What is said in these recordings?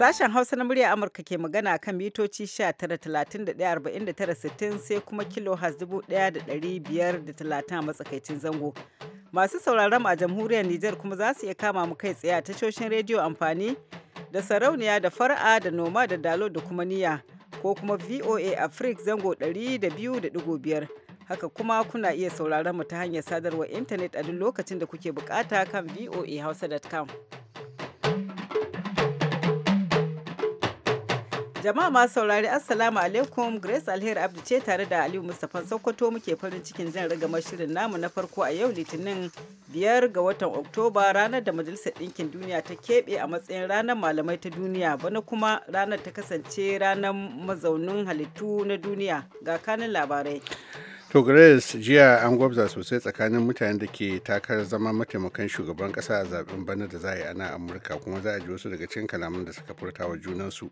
Sashen Hausa na murya Amurka ke magana kan mitoci 19,31,49,60 sai kuma kilohaz 1,530 a matsakaicin zango. Masu sauraron a jamhuriyar Nijar kuma za su iya kama mu kai tsaye a tashoshin rediyo amfani da sarauniya da fara'a da noma da dalo da kuma niya ko kuma VOA Africa zango 200.5. Haka kuma kuna iya sauraron mu ta hanyar sadarwar intanet a duk lokacin da kuke bukata kan voahausa.com. Jama'a masu saurari Assalamu alaikum Grace Alheri Abdu ce tare da Aliyu Mustapha Sokoto muke farin cikin jin rigamar shirin namu na farko a yau Litinin biyar ga watan Oktoba ranar da Majalisar dinkin Duniya ta keɓe a matsayin ranar malamai ta duniya bana kuma ranar ta kasance ranar mazaunin halittu na duniya ga kanin labarai. To Grace jiya an gwabza sosai tsakanin mutanen da ke takarar zama mataimakan shugaban kasa a zaben bana da za a yi ana Amurka kuma za a ji wasu daga cikin kalaman da suka furta wa junansu.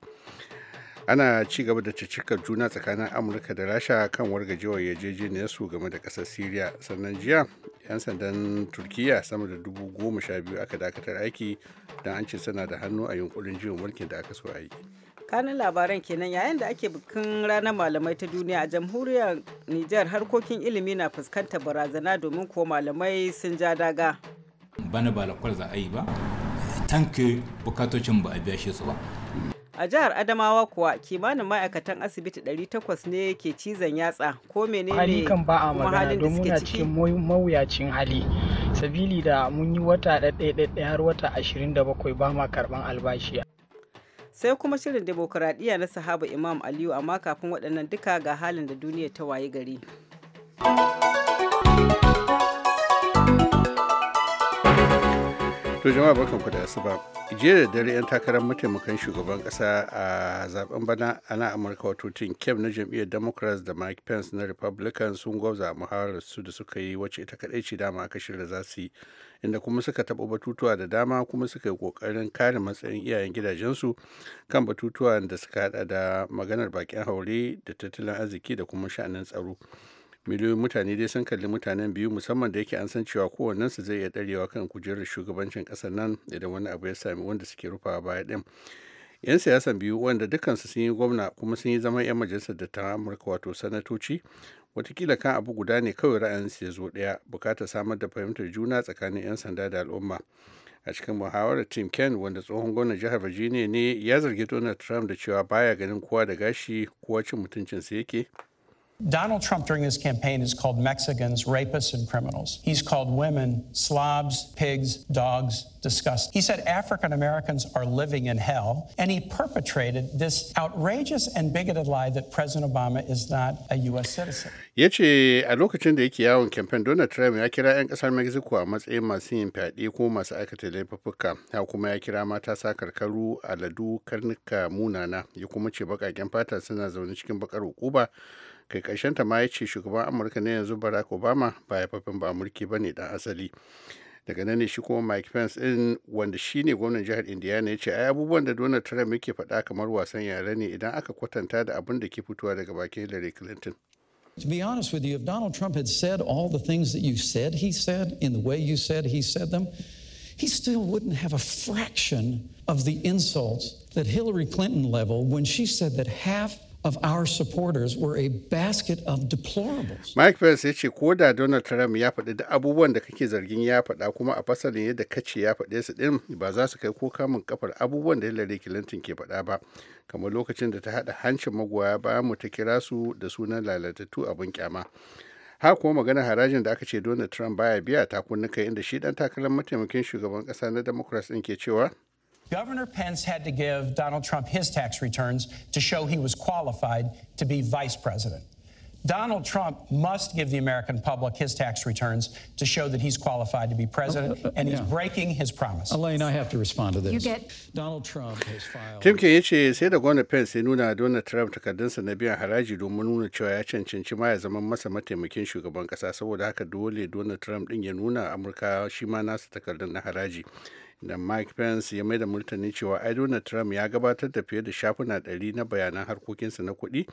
ana ci gaba da cikakkar juna tsakanin amurka da rasha kan wargajewar yarjejeniyar su game da kasar syria sannan jiya 'yan sandan turkiya sama da dubu goma sha biyu aka dakatar aiki don an ce suna da hannu a yunkurin jiwon mulkin da aka so a yi kanin labaran kenan yayin da ake bikin ranar malamai ta duniya a jamhuriyar nijar harkokin ilimi na fuskantar barazana domin ko malamai sun ja daga bana ba lakwal za a yi ba tanke bukatocin ba a biya shi su ba A jihar Adamawa kuwa kimanin ma'aikatan asibiti 800 ne ke cizon yatsa ko menene hali kan ba a magana don muna cikin mawuyacin hali sabili da mun yi wata ɗaya har wata 27 ba ma karɓan albashi. Sai kuma shirin demokuraɗiyya na sahaba Imam Aliyu amma kafin waɗannan duka ga halin da duniya ta wayi gari. To jama'a ku da asuba. Jiya da dare 'yan takarar mataimakan shugaban kasa a zaben bana ana Amurka wato Tim kem na jam'iyyar Democrats da Mike Pence na republican sun gwabza muhawarar su da suka yi wacce ita kadai ce dama aka shirya za su yi inda kuma suka taɓa batutuwa da dama kuma suka yi kokarin kare matsayin iyayen gidajensu kan batutuwan da suka hada da maganar bakin haure da tattalin arziki da kuma sha'anin tsaro. miliyoyin mutane dai sun kalli mutanen biyu musamman da yake an san cewa kowannensu zai iya ɗarewa kan kujerar shugabancin ƙasar nan idan wani abu ya sami wanda suke rufawa baya ɗin 'yan siyasan biyu wanda dukansu sun yi gwamna kuma sun yi zaman 'yan majalisar ta amurka wato sanatoci watakila kan abu guda ne kawai ra'ayin su ya zo ɗaya bukatar samar da fahimtar juna tsakanin 'yan sanda da al'umma a cikin muhawarar tim ken wanda tsohon gwamnan jihar virginia ne ya zargi donald trump da cewa baya ganin kowa da gashi kowa cin mutuncinsa yake Donald Trump during this campaign has called Mexicans rapists and criminals. He's called women slobs, pigs, dogs, disgust. He said African Americans are living in hell, and he perpetrated this outrageous and bigoted lie that President Obama is not a U.S. citizen. Ya ce a lokacin da yake yawon kamfen Donald Trump ya kira 'yan kasar Mexico a matsayin masu yin fyaɗe ko masu aikata laifuffuka, ya kuma ya kira mata sa karkaru, aladu, karnuka, munana, ya kuma ce baƙaƙen fata suna zaune cikin baƙar hukuma kai ma ya ce shugaban amurka yanzu barack obama ba ya fafin ba ba ne dan asali daga nan ne shi kuma mike pence din wanda shi ne gwamnan jihar indiana ya ce ai abubuwan da donald trump yake faɗa kamar wasan yare ne idan aka kwatanta da abin da ke fitowa daga bakin hillary clinton To be honest with you, if Donald Trump had said all the things that you said he said in the way you said he said them, he still wouldn't have a fraction of the insults that Hillary Clinton leveled when she said that half of our supporters were a basket of deplorables. Mike Pence ya ce ko da Donald Trump ya faɗi da abubuwan da kake zargin ya faɗa kuma a fasalin yadda kace ya faɗe su ɗin ba za su kai ko kamun kafar abubuwan da Hillary Clinton ke faɗa ba kamar lokacin da ta haɗa hancin magoya bayan mu ta kira su da sunan lalatattu abin kyama. ha kuma magana harajin da aka ce Donald Trump baya biya takunnuka inda shi dan takarar mataimakin shugaban ƙasa na Democrats ɗin ke cewa Governor Pence had to give Donald Trump his tax returns to show he was qualified to be vice president. Donald Trump must give the American public his tax returns to show that he's qualified to be president, uh, uh, uh, and he's yeah. breaking his promise. Elaine, I have to respond to this. You get Donald Trump has filed. Tim Kaine ce sai da gwamnati Pence ya nuna Donald Trump takardunsa na biyan haraji domin nuna cewa ya cancanci ma ya zama masa mataimakin shugaban kasa saboda haka dole Donald Trump din ya nuna Amurka shi ma nasa takardun na haraji. da mike pence ya maida da cewa ai donald trump ya gabatar da fiye da shafuna ɗari na bayanan harkokinsa na kuɗi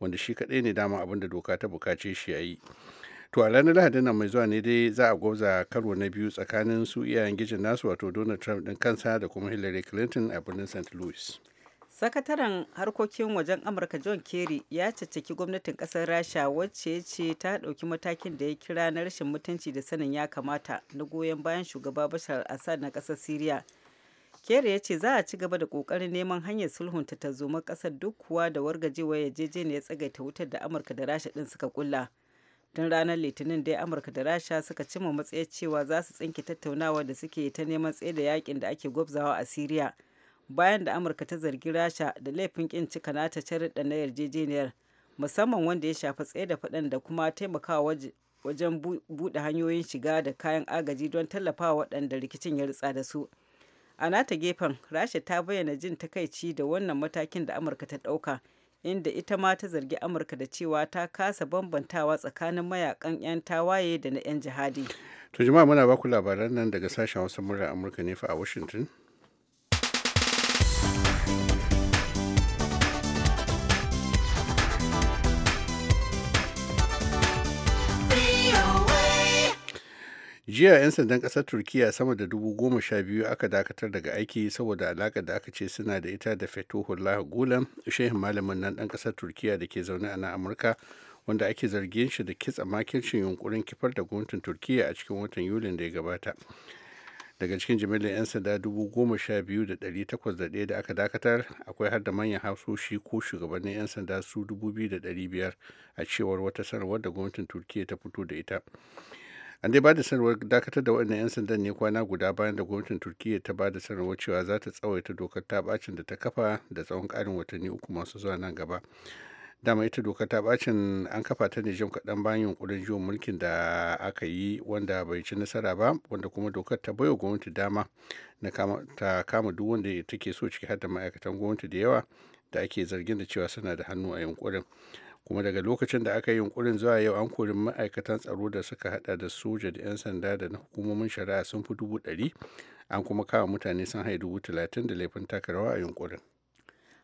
wanda shi kaɗai ne dama abin da doka ta bukace shi ya yi to a ranar lahadin nan mai zuwa ne dai za a gwabza karo na biyu tsakanin su iyayen gijin nasu wato donald trump ɗin kansa da kuma hillary clinton a birnin st louis sakataren harkokin wajen amurka john kerry ya caccaki gwamnatin kasar rasha wacce ya ce ta ɗauki matakin da ya kira na rashin mutunci da sanin ya kamata na goyon bayan shugaba bashar assad na ƙasar syria kerry ya ce za a ci gaba da ƙoƙarin neman hanyar sulhunta tarzoma ƙasar duk kuwa da wargajewa ya ne ya tsagaita wutar da amurka da rasha ɗin suka kulla tun ranar litinin dai amurka da rasha suka cimma matsayar cewa za su tsinke tattaunawa da suke ta neman tsaye da yakin da ake gwabzawa a syria bayan da amurka ta zargi rasha da laifin kin cika nata sharuɗa na yarjejeniyar musamman wanda ya shafi tsaye da faɗan da kuma taimakawa wajen buɗe hanyoyin shiga da kayan agaji don tallafawa waɗanda rikicin ya ritsa da su a nata gefen rasha ta bayyana jin takaici da wannan matakin da amurka ta ɗauka inda ita ma ta zargi amurka da cewa ta kasa bambantawa tsakanin mayakan 'yan tawaye da na 'yan jihadi to jima'a muna baku labaran nan daga sashen wasu murar amurka ne fa a washington jiya 'yan sandan ƙasar turkiya sama da dubu goma sha biyu aka dakatar daga aiki saboda alaƙar da aka ce suna da ita da fetullah gulen shehin malamin nan ɗan ƙasar turkiya da ke zaune a nan amurka wanda ake zargin shi da kitsa makircin yunkurin kifar da gwamnatin turkiya a cikin watan yulin da ya gabata daga cikin jimillar 'yan sanda dubu goma sha biyu da ɗari takwas da ɗaya da aka dakatar akwai har da manyan hafsoshi ko shugabannin 'yan sanda su dubu biyu da ɗari biyar a cewar wata sanarwar da gwamnatin turkiya ta fito da ita an dai ba da sanarwar dakatar da waɗannan 'yan sandan ne kwana guda bayan da gwamnatin turkiyya ta ba da sanarwar cewa za ta tsawaita dokar ta bacin da ta kafa da tsawon karin watanni uku masu zuwa nan gaba dama ita dokar ta bacin an kafa ta ne jim kaɗan bayan yunkurin juyin mulkin da aka yi wanda bai ci nasara ba wanda kuma dokar ta baiwa gwamnati dama na ta kama duk wanda take so ciki har da ma'aikatan gwamnati da yawa da ake zargin da cewa suna da hannu a yunkurin kuma daga lokacin da aka yi yunkurin zuwa yau an kori ma'aikatan tsaro da suka hada da soja da 'yan sanda da na hukumomin shari'a sun fi dubu ɗari an kuma kama mutane sun haɗa dubu talatin da laifin takarawa a yunkurin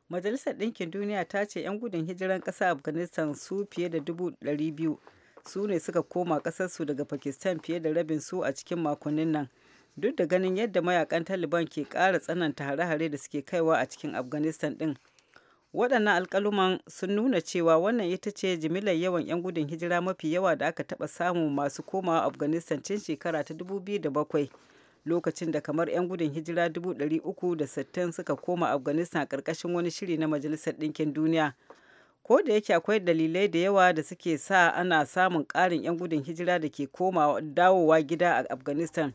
majalisar ɗinkin duniya ta ce 'yan gudun hijiran ƙasa afghanistan su fiye da dubu ɗari biyu su ne suka koma ƙasarsu daga pakistan fiye da rabin su a cikin makonnin nan duk da ganin yadda mayakan taliban ke ƙara tsananta hare-hare da suke kaiwa a cikin afghanistan ɗin waɗannan alƙaluman sun nuna cewa wannan ita ce jimillar yawan 'yan gudun hijira mafi yawa da aka taɓa samu masu komawa afghanistan cin shekara ta 2007 lokacin da kamar 'yan gudun hijira 360 suka koma afghanistan ƙarƙashin wani shiri na majalisar ɗinkin duniya ko da yake akwai dalilai da yawa da suke sa ana samun ƙarin 'yan gudun hijira da ke komawa dawowa gida a afghanistan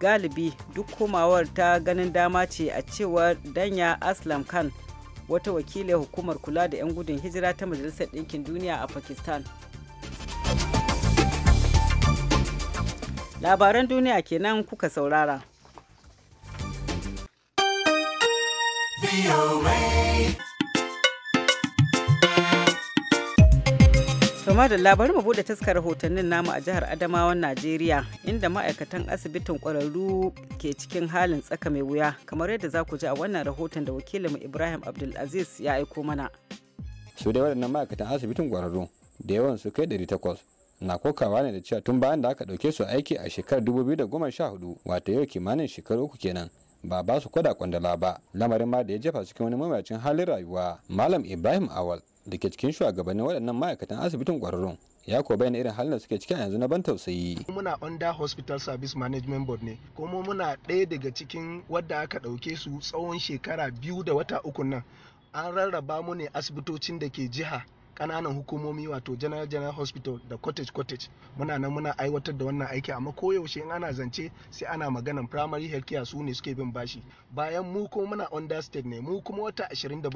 galibi duk komawar ta ganin dama ce a cewar danya aslam khan wata wakilai hukumar kula da 'yan gudun hijira ta majalisar ɗinkin duniya a pakistan labaran duniya kenan kuka saurara kama da labari mu bude taskar rahotannin namu a jihar Adamawan Najeriya inda ma'aikatan asibitin ƙwararru ke cikin halin tsaka mai wuya kamar yadda za ku ji a wannan rahoton da wakilinmu Ibrahim Abdulaziz ya aiko mana. Su da waɗannan ma'aikatan asibitin kwararru da yawan su kai ɗari takwas na kokawa ne da cewa tun bayan da aka ɗauke su aiki a shekarar 2014 wato yau kimanin shekaru uku kenan ba ba su kwada kwandala ba lamarin ma da ya jefa cikin wani mamacin halin rayuwa malam ibrahim awal da ke cikin shugabannin waɗannan ma'aikatan asibitin ƙwararrun ya ko bayan irin halin da suke ciki a yanzu na ban tausayi. Muna under hospital service management board ne kuma muna ɗaya daga cikin wadda aka ɗauke su tsawon shekara biyu da wata uku nan an rarraba mu ne asibitocin da ke jiha ƙananan hukumomi wato general general hospital da cottage cottage muna nan muna aiwatar da wannan aiki amma koyaushe in ana zance sai ana maganan primary health care su ne suke bin bashi bayan mu kuma muna under state ne mu kuma wata 27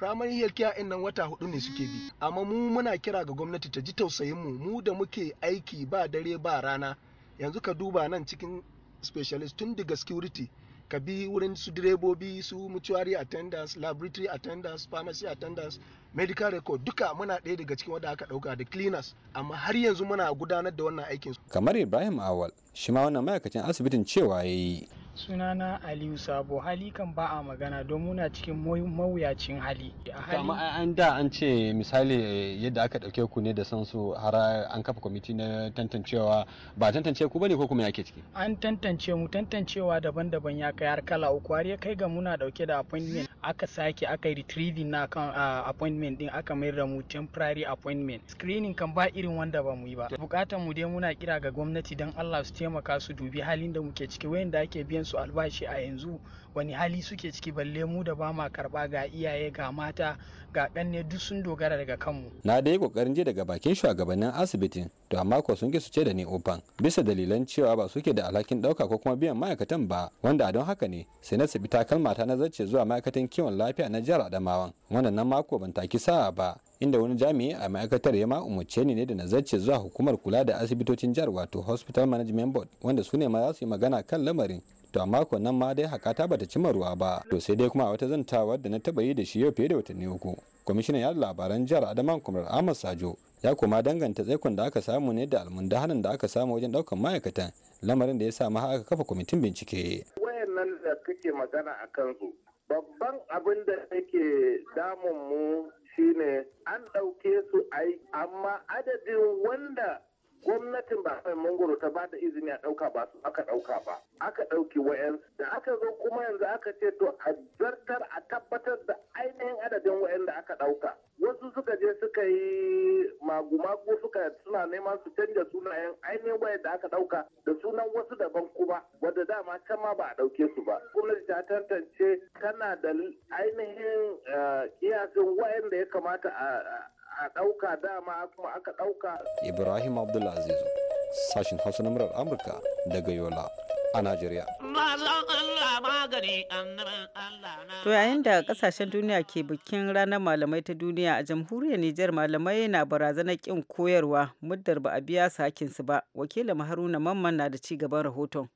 primary health care in nan wata hudu ne suke bi amma mu muna kira ga gwamnati ta ji tausayin mu mu da muke aiki ba dare ba rana yanzu ka duba nan cikin specialist tun daga security ka bi wurin su direbobi su mutuary attendance laboratory attendance pharmacy attendance medical record duka muna ɗaya daga cikin wanda aka ɗauka da cleaners amma har yanzu muna gudanar da wannan aikin kamar ibrahim awal shi ma wannan ma'aikacin asibitin cewa ya yi Sunana Aliyu Sabo hali kan ba a magana don muna cikin mawuyacin hali. Kama an da an ce misali eh, yadda aka ɗauke ku ne da san su har an kafa kwamiti na tantancewa ba tantance ku bane ko kuma yake ciki? An tantance mu tantancewa daban-daban ya kai har kala uku har ya kai ga muna ɗauke da appointment aka sake aka yi retrieving na kan appointment din aka mayar da mu temporary appointment. Screening kan ba irin wanda ba mu yi ba. Bukatan mu dai muna kira ga gwamnati don Allah su taimaka su dubi halin da muke ciki wayanda ake biyan su albashi a yanzu wani hali suke ciki balle mu da ba ma karba ga iyaye ga mata ga kanne duk sun dogara daga kanmu na dai kokarin je daga bakin shugabannin asibitin to amma ko sun ki su ce da ni ofan bisa dalilan cewa ba suke da alhakin dauka ko kuma biyan ma'aikatan ba wanda a don haka ne sai na sabi takalma na zarce zuwa ma'aikatan kiwon lafiya na jihar adamawan wannan na mako ban taki sa'a ba inda wani jami'i a ma'aikatar ya ma umarce ni ne da nazarce zuwa hukumar kula da asibitocin jihar wato hospital management board wanda su ne ma za su yi magana kan lamarin to amma ko nan ma dai hakata bata cima ruwa ba to sai dai kuma wata zantawa da na taba yi da shi yau fiye da watanni uku kwamishinan yada labaran jihar adaman kumar ahmad sajo ya kuma danganta tsaikon da aka samu ne da almundahanan da aka samu wajen daukan ma'aikatan lamarin da ya sa ma aka kafa kwamitin bincike wayannan da kake magana a kansu babban abin da yake damun mu shine an ɗauke su ai amma adadin wanda gwamnatin ba a mangoro ta ba da izini a ɗauka ba su aka ɗauka ba aka ɗauki wayan da aka zo kuma yanzu aka ce to a zartar a tabbatar da ainihin adadin wayan da aka ɗauka wasu suka je suka yi magu-magu suka suna neman su canja sunayen ainihin wa'yan da aka ɗauka da sunan wasu daban kuma wadda dama can ma ba a ɗauke su ba gwamnati ta tantance tana da ainihin eh, kiyasin wayan da ya kamata a a ɗauka dama kuma aka ɗauka. Ibrahim Abdulaziz sashin Hausa na murar Amurka daga Yola a Najeriya. To yayin da kasashen duniya ke bikin ranar malamai ta duniya a jamhuriyar Nijar malamai na barazanar kin koyarwa muddar ba a biya su hakinsu ba. Wakilin Haruna Mamman na da ci gaban rahoton.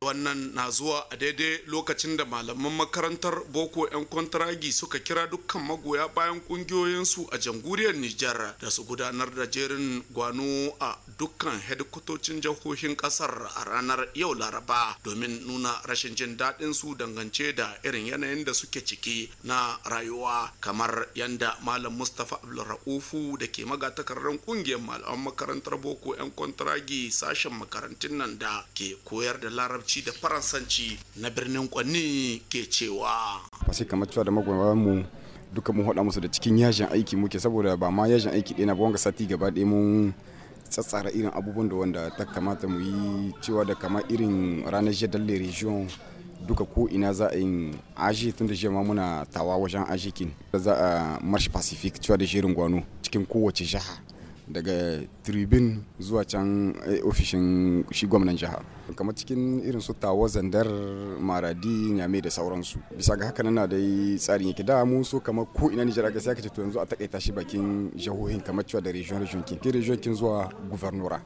wannan na zuwa a daidai lokacin da malaman makarantar boko 'yan kwantaragi suka kira dukkan magoya bayan kungiyoyinsu a janguriyar nijar da su gudanar da jerin gwano a dukkan hedikotocin jihohin kasar a ranar yau laraba domin nuna rashin jin daɗin su dangance da irin yanayin da suke ciki na rayuwa kamar yanda malam mustapha abdulra'ufu da ke magatakarren kungiyar malaman makarantar boko 'yan kwantaragi sashen makarantun nan da ke koyar da larabci larabci da faransanci na birnin kwanni ke cewa sai kamar cewa da magoya mu duka mun haɗa musu da cikin yajin aiki muke saboda ba ma yajin aiki ɗaya na ba wanga sati gaba ɗaya mun tsatsara irin abubuwan da wanda ta kamata mu yi cewa da kama irin ranar jadalle region duka ko ina za a yi aji tun da ma muna tawa wajen ajikin da za a marsh pacific cewa da shirin gwano cikin kowace jiha daga tribin zuwa can eh, ofishin shi gwamnan jiha kamar cikin irin su tawo zandar maradi nyame da sauransu bisa ga haka na dai tsarin yake da mu so kamar ko ina ni ga sai ka ce to yanzu a takaita shi bakin jihohin kamar cewa da region region kin ki region kin zuwa guvernora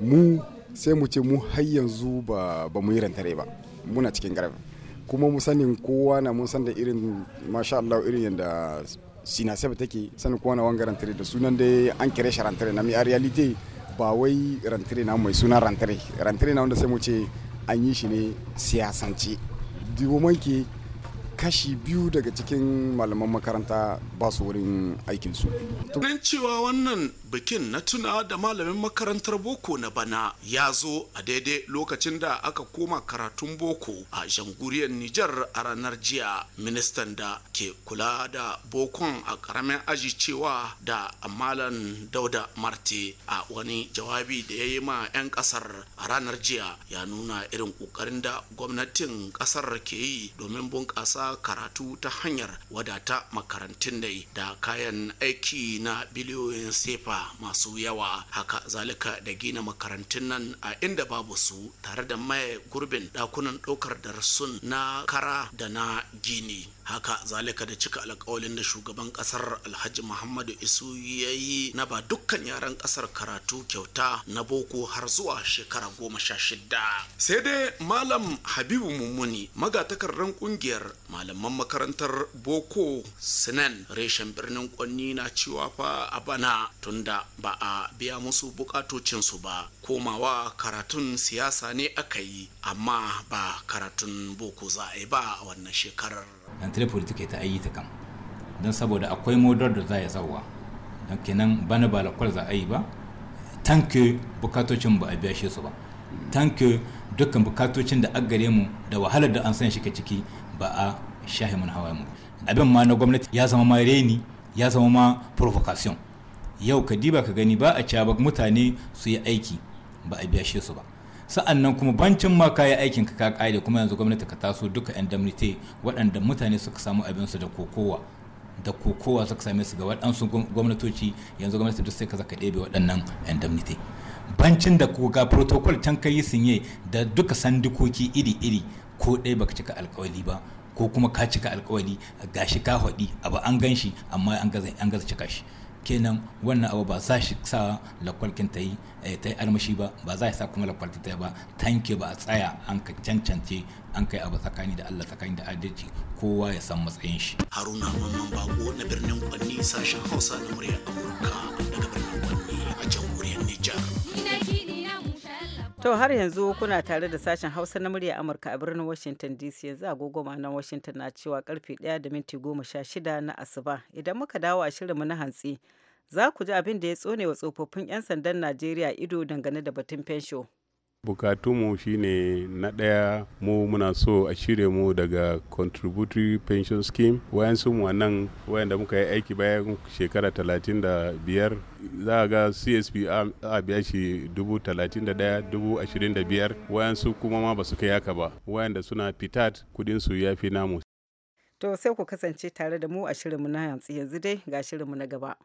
mu sai mu ce mu har yanzu ba ba mu yi rantare ba muna cikin garba kuma mu sanin kowa na mun san da irin masha Allah irin yanda sina sinasebe take sanin kowane wani wanga rantare da sunan da an kire shi rantare na mi a realite ba wai rantare na mai suna rantare rantare na wanda sai mu ce an yi shi ne siyasance domin ke kashi biyu daga cikin malaman makaranta ba su wurin aikinsu. Ganin cewa wannan bikin na tuna da malamin makarantar boko na bana ya zo a daidai lokacin da aka koma karatun boko a janguriyar nijar a ranar jiya ministan da ke kula da bokon a karamin aji cewa da malam dauda marti a wani jawabi da ya yi ma 'yan kasar a ranar jiya ya nuna irin kokarin da gwamnatin kasar ke yi domin bunƙasa karatu ta hanyar wadata makarantun da kayan aiki na biliyoyin sefa masu yawa haka zalika da gina makarantun nan a inda babu su tare da maye gurbin dakunan ɗaukar darsun na kara da na gini haka zalika da cika alƙawarin da shugaban ƙasar alhaji muhammadu isu ya yi na ba dukkan yaran ƙasar karatu kyauta na boko har zuwa shekara goma sha shida sai dai malam habibu mummuni magatakardan ƙungiyar malaman makarantar boko sinan reshen birnin kwanni na cewa fa a bana tunda ba a biya musu bukatocinsu ba komawa karatun siyasa ne aka yi amma ba karatun boko za a yi ba a wannan shekarar tare politique ta ayi ta kam don saboda akwai modar da za ya zauwa don kenan bana ba lakwal za a yi ba tanke bukatocin ba a biya shi su ba tanke dukkan bukatocin da an gare mu da wahalar da an san shi ciki ba a shahi mun hawa mu abin ma na gwamnati ya zama ma reni ya zama ma provocation yau ka diba ka gani ba a ca ba mutane su yi aiki ba a biya shi su ba sa'an nan kuma bancin ma kayi aikin ka ka kuma yanzu gwamnati ka taso duka indemnity waɗanda mutane suka samu abinsu da kokowa da kokowa suka same su ga waɗansu gwamnatoci yanzu gwamnati duk sai ka zaka ɗebe waɗannan indemnity bancin da ga protocol can ka yi sinye da duka sandukoki iri-iri ko ɗaya baka cika alkawali ba ko kuma ka cika alkawali shi ka haɗi abu an ganshi amma an gaza cika shi kenan wannan abu ba za shi sa lakwalkin ta yi eh, ta yi armashi ba ba za sa kuma lakwalkin ta yi ba tanke ba a tsaya an ka cancance an kai abu tsakani da Allah tsakani da adalci kowa ya san matsayin shi haruna mamman bako na birnin kwanni sashen hausa na murya amurka daga birnin To har yanzu kuna tare da sashen Hausa na murya Amurka a birnin Washington DC yanzu agogo na Washington na cewa karfe 1 da minti 16 na Asuba. Idan muka dawo a shirinmu na hantsi, za ku ji abin da ya tsone wa tsofaffin 'yan sandan Najeriya ido dangane da batun fensho. bukatunmu shine na ɗaya mu muna so a shirya mu daga contributory pension scheme wayansu mu nan wayanda muka yi aiki bayan shekara 35 za a ga csp a biya shi 31,025 wayansu kuma ma ba su kai haka ba wayanda suna fitat kudinsu ya fi namu to sai ku kasance tare da mu a shirinmu na yanzu yanzu dai ga shirinmu na gaba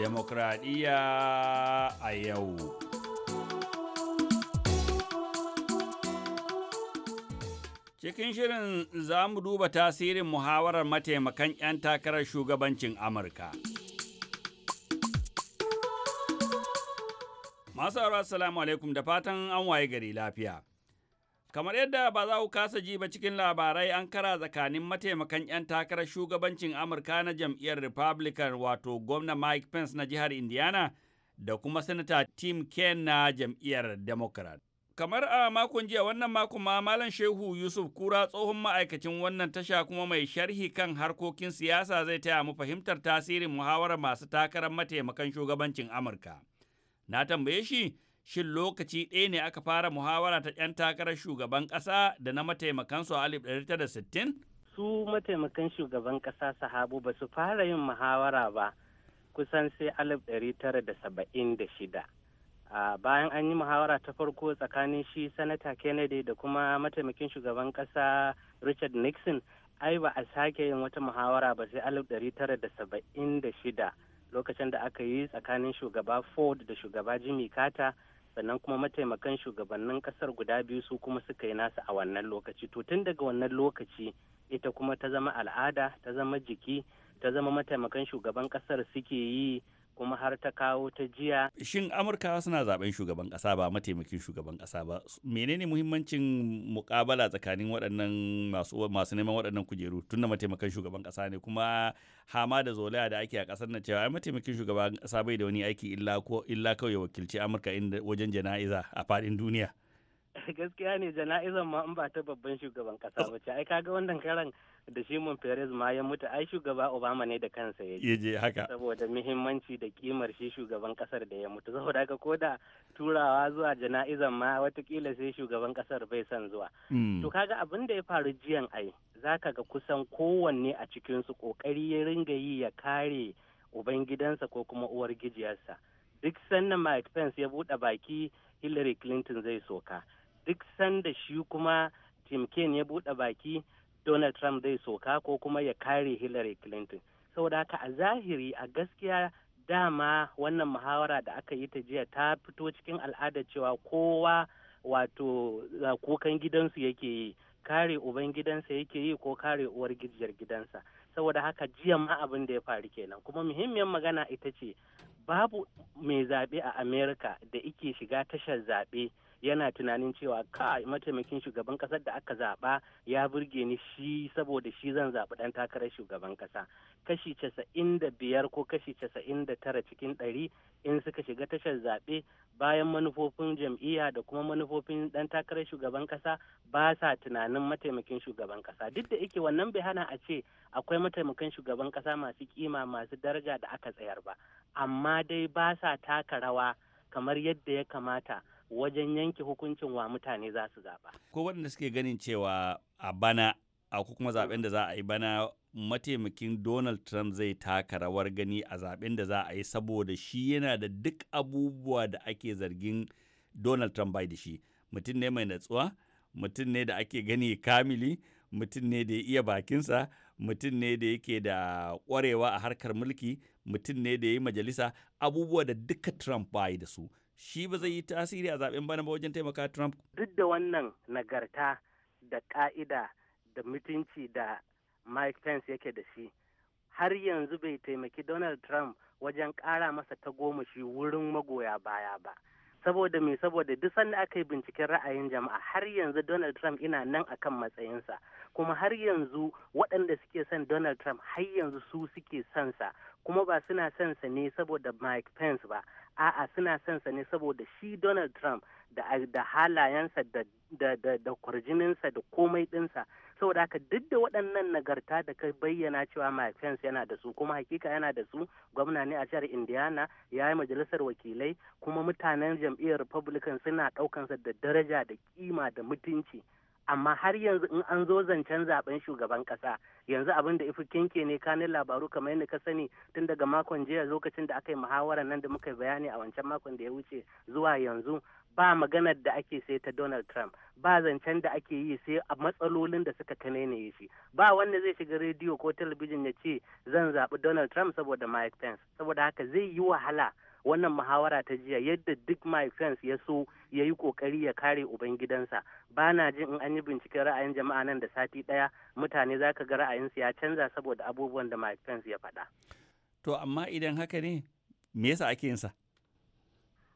demokradiyya a yau. Cikin shirin za mu duba tasirin muhawarar mataimakan 'yan takarar shugabancin Amurka. Masu aure, Assalamu alaikum da fatan an waye gari lafiya. Kamar yadda ba za ku kasa ji ba cikin labarai an kara tsakanin mataimakan 'yan takarar shugabancin Amurka na jam'iyyar Republican wato gwamna Mike Pence na jihar Indiana da kuma Sanata Tim ken na jam'iyyar Democrat. Kamar a makon jiya wannan makon ma Malam Shehu Yusuf Kura tsohon ma'aikacin wannan tasha kuma mai sharhi kan harkokin siyasa zai taya mu fahimtar tasirin muhawarar masu takarar mataimakan shugabancin Amurka. Na tambaye shi shin lokaci ɗaya ne aka fara muhawara ta 'yan takarar shugaban ƙasa da na mataimakansu a 1960? Su mataimakan shugaban ƙasa sahabu ba su fara yin muhawara ba kusan sai 1976. Bayan an yi muhawara ta farko tsakanin shi Sanata Kennedy da kuma mataimakin shugaban ƙasa Richard Nixon, ai ba a sake yin wata muhawara ba sai 1976. lokacin da aka yi tsakanin shugaba ford da shugaba jimmy carter sannan kuma mataimakan shugabannin kasar guda biyu su kuma suka yi nasa a wannan lokaci to tun daga wannan lokaci ita kuma ta zama al'ada ta zama jiki ta zama mataimakan shugaban kasar suke yi kuma har ta kawo ta jiya. Shin amurka suna zaben shugaban kasa ba mataimakin shugaban kasa ba. Menene muhimmancin mukabala tsakanin waɗannan masu neman waɗannan kujeru tunda mataimakan shugaban kasa ne kuma hama da zolaya da ake a ƙasar na cewa ai mataimakin shugaban kasa bai da wani aiki illa ko illa kawai wakilci Amurka inda wajen jana'iza a fadin duniya. Gaskiya ne jana'izan ma in ba ta babban shugaban ƙasa ba ce ai kaga wannan karan da Shimon Perez ma ya mutu ai shugaba Obama ne da kansa ya je haka saboda muhimmanci da kimar shi shugaban kasar da ya mutu saboda haka ko da turawa zuwa jana'izan ma watakila sai shugaban kasar bai son zuwa hmm. to kaga abin da ya faru jiyan ai zaka ga kusan kowanne a cikin su kokari ya ringa yi ya kare ubangidansa ko kuma uwar gijiyarsa duk sanda Mike Pence ya buɗe baki Hillary Clinton zai soka duk sanda shi kuma Tim Kaine ya buɗe baki donald trump zai soka ko kuma ya kare hillary clinton saboda haka a zahiri a gaskiya dama wannan muhawara da aka yi ta jiya ta fito cikin al'ada cewa kowa wato kukan gidansu yake yi kare uban gidansa yake yi ko kare uwar gidansa saboda haka jiya ma abin da ya faru kenan kuma muhimmiyar magana ita ce babu mai zaɓe a america da ike shiga tashar zaɓe yana tunanin cewa ka mataimakin shugaban kasar da aka zaɓa ya burge ni shi saboda shi zan zaɓi ɗan takarar shugaban ƙasa kashi casa'in da biyar ko kashi casa'in da tara cikin ɗari in suka shiga tashar zaɓe bayan manufofin jam'iyya da kuma manufofin ɗan takarar shugaban ƙasa ba sa tunanin mataimakin shugaban ƙasa duk da yake wannan bai hana a ce akwai mataimakan shugaban ƙasa masu kima masu daraja da aka tsayar ba amma dai ba sa taka rawa kamar yadda ya kamata wajen yanke hukuncin wa mutane za su zaɓa. Ko waɗanda suke ganin cewa a bana a kuma zaɓen da za a yi bana mataimakin Donald Trump zai taka rawar gani a zaɓen da za a yi saboda shi yana da duk abubuwa da ake zargin Donald Trump bai da shi. Mutum ne mai natsuwa, mutum ne da ake gani kamili, mutum ne da ya iya bakinsa, mutum ne da yake da ƙwarewa a harkar mulki, mutum ne da ya yi majalisa, abubuwa da duka Trump bai da su. shi ba zai yi tasiri a zaben bana ba wajen taimaka Trump. Duk da wannan nagarta da ka'ida da mutunci da Mike Pence yake da shi, har yanzu bai taimaki Donald Trump wajen ƙara masa ta tagomashi wurin magoya baya ba. Saboda me saboda duk sanda aka yi binciken ra'ayin jama'a har yanzu Donald Trump ina nan akan matsayinsa kuma har yanzu waɗanda suke son Donald Trump har yanzu su suke son sa kuma ba suna son ne saboda Mike Pence ba a'a suna son sa ne saboda shi Donald Trump da da halayensa da da da, da kwarjininsa da komai dinsa saboda haka duk da waɗannan nagarta da ka bayyana cewa Mike Pence yana da su kuma hakika yana da su gwamna ne a jihar Indiana ya yi majalisar wakilai kuma mutanen jam'iyyar Republican suna ɗaukansa da daraja da kima da mutunci amma har yanzu in an zo zancen zaben shugaban kasa yanzu abin da ifi kinke ne kanin labaru kamar yadda ka sani tun daga makon jiya lokacin da aka yi muhawarar nan da muka bayani a wancan makon da ya wuce zuwa yanzu ba maganar da ake sai ta Donald Trump ba zancen da ake yi sai a matsalolin da suka kanenaye shi ba wanda zai shiga rediyo ko talabijin ya ce zan zaɓi Donald Trump saboda Mike Pence saboda haka zai yi wahala wannan muhawara ta jiya yadda duk mike pence ya so ya yi kokari ya kare ubangidansa ba na jin in an yi binciken ra'ayin jama'a nan da sati ɗaya mutane za ka ga ra'ayinsu ya canza saboda abubuwan da mike pence ya faɗa. to amma idan haka ne me yasa ake yinsa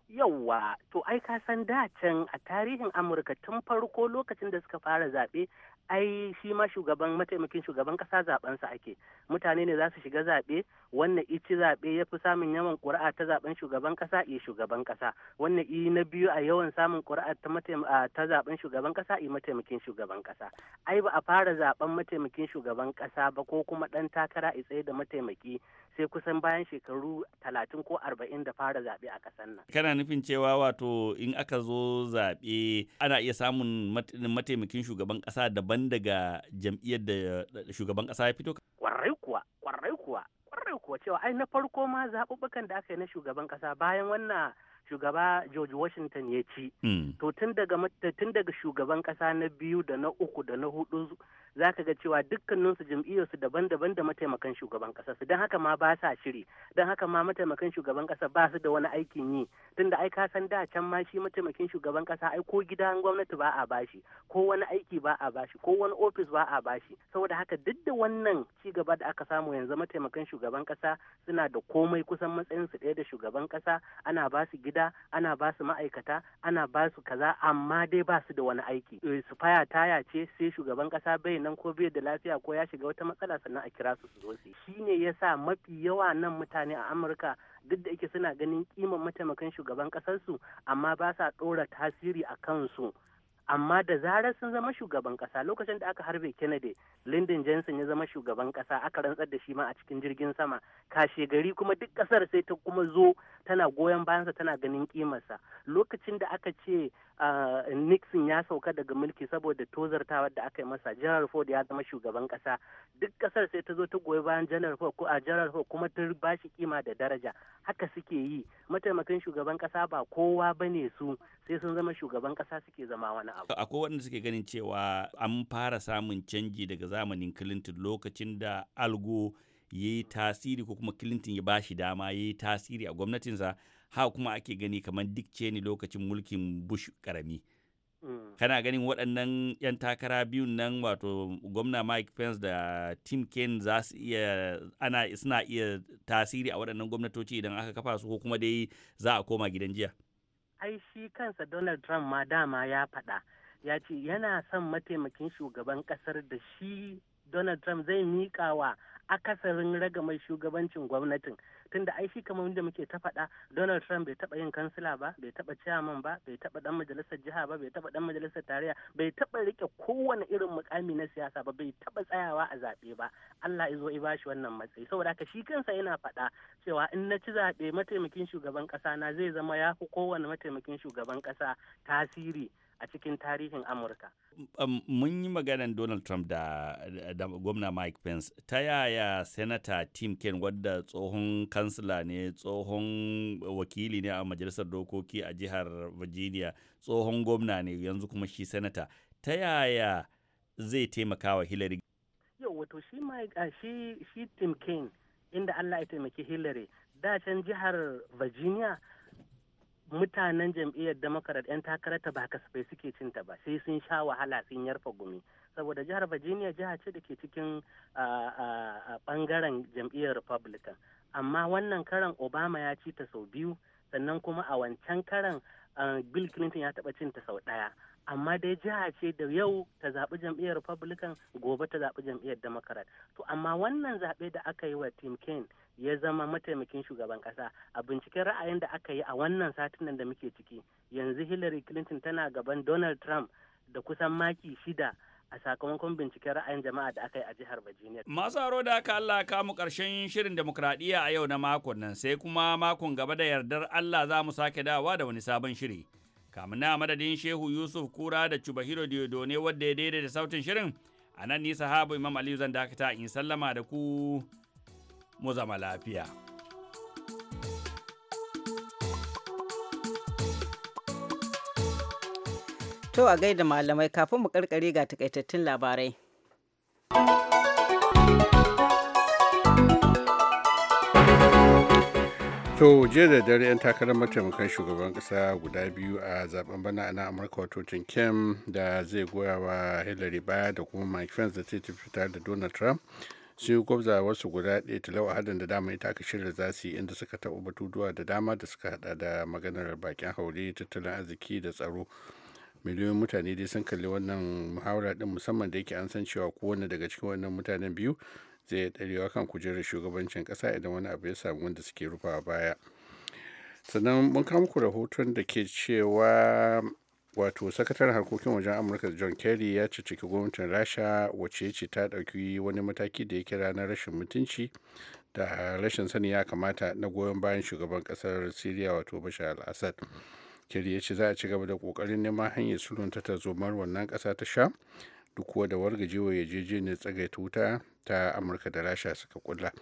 yauwa to ai ka san da can a tarihin amurka tun farko lokacin da suka fara zaɓe ai shi ma shugaban mataimakin shugaban kasa zaben sa ake mutane ne za su shiga zaɓe wannan ici zabe ya fi samun yawan ƙuri'a ta zaben shugaban kasa i shugaban kasa wannan i na biyu a yawan samun ƙuri'a ta ta zaben shugaban kasa i mataimakin shugaban kasa ai ba a fara zaben mataimakin shugaban kasa ba ko kuma ɗan takara i tsaye da mataimaki sai kusan bayan shekaru talatin ko arba'in da fara zaɓe a kasan nan. Kana nufin cewa wato in aka zo zabe ana iya samun mataimakin shugaban ƙasa daban daban daga jam'iyyar da shugaban ƙasa ya fito? Kwarai kuwa, kwarai kuwa, kwarai kuwa cewa ai na farko ma zaɓuɓɓukan da aka yi na shugaban ƙasa bayan wannan shugaba George Washington ya ci. Hmm. To tun daga tun daga shugaban ƙasa na biyu da na uku da na hudu za ka ga cewa dukkaninsu jam'iyyarsu daban-daban da mataimakan shugaban ƙasa su don haka ma ba sa shiri don haka ma mataimakan shugaban ƙasa ba su da wani aikin yi tunda ai ka san da can ma shi mataimakin shugaban ƙasa ai ko gidan gwamnati ba a bashi ko wani aiki ba a bashi ko wani ofis ba a bashi saboda haka duk da wannan ci gaba da aka samu yanzu mataimakan shugaban ƙasa suna da komai kusan matsayinsu ɗaya da shugaban ƙasa ana ba su gida ana ba su ma'aikata ana ba su kaza amma dai ba su da wani aiki su faya taya ce sai shugaban ƙasa bai nan ko bai da lafiya ko ya shiga wata matsala sannan a kira su su zo su shi ne ya sa mafi yawa nan mutane a amurka duk da ake suna ganin kiman mataimakan shugaban kasarsu amma ba sa ɗora tasiri a kansu amma da zarar sun zama shugaban ƙasa lokacin da aka harbe kennedy lyndon johnson ya zama shugaban kasa aka rantsar da shi ma a cikin jirgin sama kashe gari kuma duk kasar sai ta kuma zo tana goyon bayansa tana ganin ƙimarsa lokacin da aka ce nixon ya sauka daga mulki saboda tozartawa da aka yi masa general ford ya zama shugaban kasa duk kasar sai ta zo ta goyi bayan general ford ko a general ford kuma ta ba shi kima da daraja haka suke yi mataimakin shugaban kasa ba kowa ba ne su sai sun zama shugaban kasa suke zama wani abu akwai waɗanda suke ganin cewa an fara samun canji daga zamanin clinton lokacin da algo ya yi tasiri ko kuma clinton ya bashi dama ya yi tasiri a gwamnatinsa ha kuma ake gani kamar duk ce ni lokacin mulkin Bush karami. Mm. Kana ganin waɗannan 'yan takara biyun nan wato gwamna Mike Pence da Tim kane za su iya ana suna iya tasiri a waɗannan gwamnatoci idan aka kafa su ko kuma dai za a koma gidan jiya. Ai shi kansa Donald Trump ma dama ya faɗa ya ce yana son mataimakin shugaban ƙasar da shi Donald Trump zai miƙawa wa akasarin ragamar shugabancin gwamnatin tunda ai shi kamar yadda muke ta faɗa Donald Trump bai taɓa yin kansila ba bai taɓa chairman ba bai taɓa dan majalisar jiha ba bai taɓa dan majalisar tarayya bai taɓa rike kowane irin mukami na siyasa ba bai taɓa tsayawa a zaɓe ba Allah ya zo ya bashi wannan matsayi saboda haka shi kansa yana faɗa cewa in na ci zaɓe mataimakin shugaban ƙasa na zai zama yafi fi kowane mataimakin shugaban ƙasa tasiri a cikin tarihin amurka mun yi maganan donald trump da, da gwamna mike pence ta yaya senator tim ken wadda tsohon kansila ne tsohon wakili ne a majalisar dokoki a jihar virginia tsohon gwamna ne yanzu kuma shi senator ta yaya zai taimaka wa hillary yau wato ah, shi tim ken inda allah ya taimaki hillary da can jihar virginia mutanen jam'iyyar democrat 'yan takarar ta ba kasafai suke cinta ba sai sun sha wahala sun yarfa gumi saboda jihar virginia jiha ce da ke cikin bangaren jam'iyyar republican amma wannan karan obama ya ci ta sau biyu sannan kuma a wancan karan bill clinton ya taɓa ta sau ɗaya amma dai jiha ce da yau ta zaɓi jam'iyyar republican gobe ta zaɓi jam'iyyar democrat to amma wannan zaɓe da aka yi wa tim kaine ya zama mataimakin shugaban kasa a binciken ra'ayin da aka yi a wannan satin da muke ciki yanzu hillary clinton tana gaban donald trump da kusan maki shida a sakamakon binciken ra'ayin jama'a da aka yi a jihar Virginia. Masu aro da aka Allah kamu karshen shirin demokradiyya a yau na makon nan sai kuma makon gaba da yardar Allah za mu sake dawa da wani sabon shiri. Kamun na madadin Shehu Yusuf Kura da Chubahiro ne wadda ya daidaita sautin shirin a nan ni habu Imam Aliyu zan dakata in sallama da ku mu zama lafiya. To a gaida malamai kafin mu karkare ga takaitattun labarai. To jiya da dare 'yan takarar mataimakan shugaban kasa guda biyu a zaben bana na Amurka wato Tim Kem da zai goya wa Hillary baya da kuma Mike Pence da zai tafi da Donald Trump yi kwabza wasu guda ɗaya talau a hadin da dama ita aka shirya za su yi inda suka taɓa batutuwa da dama da suka hada da maganar bakin haure tattalin arziki da tsaro miliyoyin mutane dai sun kalli wannan muhawara din musamman da yake an san cewa kowane daga cikin wannan mutanen biyu zai yi ɗarewa kan kujerar shugabancin ƙasa idan wani abu ya samu wanda suke rufawa baya sannan mun kawo ku rahoton da ke cewa wato sakataren harkokin wajen amurka john kerry ya cike gwamnatin rasha wacce ce ta ɗauki wani mataki da ya kira na rashin mutunci da rashin sani ya kamata na goyon bayan shugaban kasar syria wato bashar al-assad kerry ya ce za a ci gaba da ƙoƙarin neman hanyar sulhunta ta zomar wannan kasa ta sha duk da wargajewa yarjejeniyar tsagaita wuta ta amurka da rasha suka kulla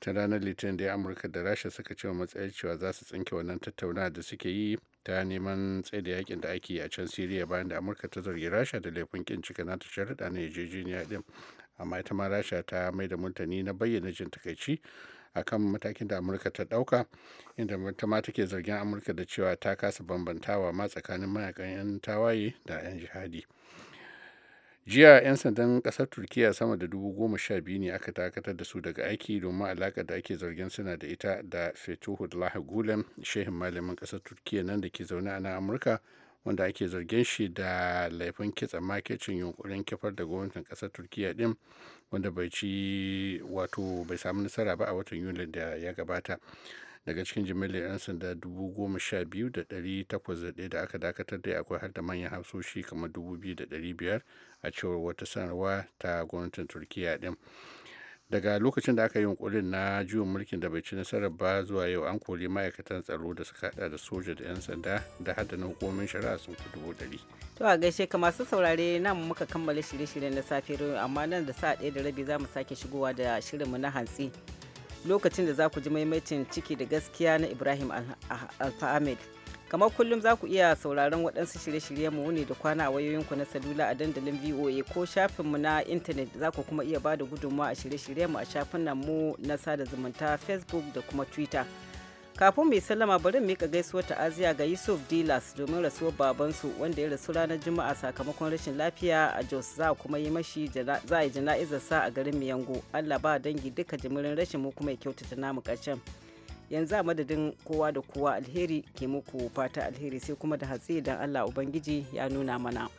ta ranar litinin da amurka da rasha suka ce matsayar cewa za su tsinke wannan tattaunawa da suke yi ta neman tsaida yakin da ake yi a can siriya bayan da amurka ta zargi rasha da laifin kin cika nata sharaɗa na yarjejeniya din amma ita ma rasha ta mai da murtani na bayyana jin takaici a kan matakin da amurka ta ɗauka inda ta ma take zargin amurka da cewa ta kasa bambantawa ma tsakanin mayakan 'yan tawaye da 'yan jihadi jiya 'yan sandan kasar turkiya sama da dubu goma sha biyu ne aka dakatar da su daga aiki domin alaƙa da ake zargin suna da ita da fetullah gulen shehin malamin kasar turkiya nan da ke zaune a nan amurka wanda ake zargin shi da laifin kitsa makicin yunkurin kifar da gwamnatin kasar turkiya din wanda bai ci wato bai samu nasara ba a watan yuli da ya gabata daga cikin jimillar 'yan sanda biyu da da aka dakatar da akwai har da manyan hafsoshi kamar da biyar. a cewar wata sanarwa ta gwamnatin turkiya din daga lokacin da aka yi yunkurin na juyin mulkin da bai ci nasarar ba zuwa yau an kori ma'aikatan tsaro da suka hada da soja da 'yan sanda da hada na hukumomin shari'a sun fi dubu dari. to a gaishe ka masu saurare nan muka kammala shirye-shiryen na safe amma nan da sa'a ɗaya da rabi za mu sake shigowa da shirin mu na hantsi lokacin da za ku ji maimaitin ciki da gaskiya na ibrahim alfa ahmed kamar kullum za ku iya sauraron waɗansu shirye-shiryen mu ne da kwana a wayoyinku na salula a dandalin voa ko shafinmu na intanet za ku kuma iya ba da gudunmawa a shirye-shiryen mu a shafin mu na sada zumunta facebook da kuma twitter kafin mai sallama bari mika gaisuwar ta'aziya ga yusuf dilas domin rasuwar babansu wanda ya rasu ranar juma'a sakamakon rashin lafiya a jos za a kuma yi mashi za a yi jana'izarsa a garin miyango allah ba dangi duka jimirin rashin mu kuma ya kyautata namu ƙarshen yanzu a madadin kowa da kowa alheri ke muku fata alheri sai kuma da hatsi idan allah ubangiji ya nuna mana.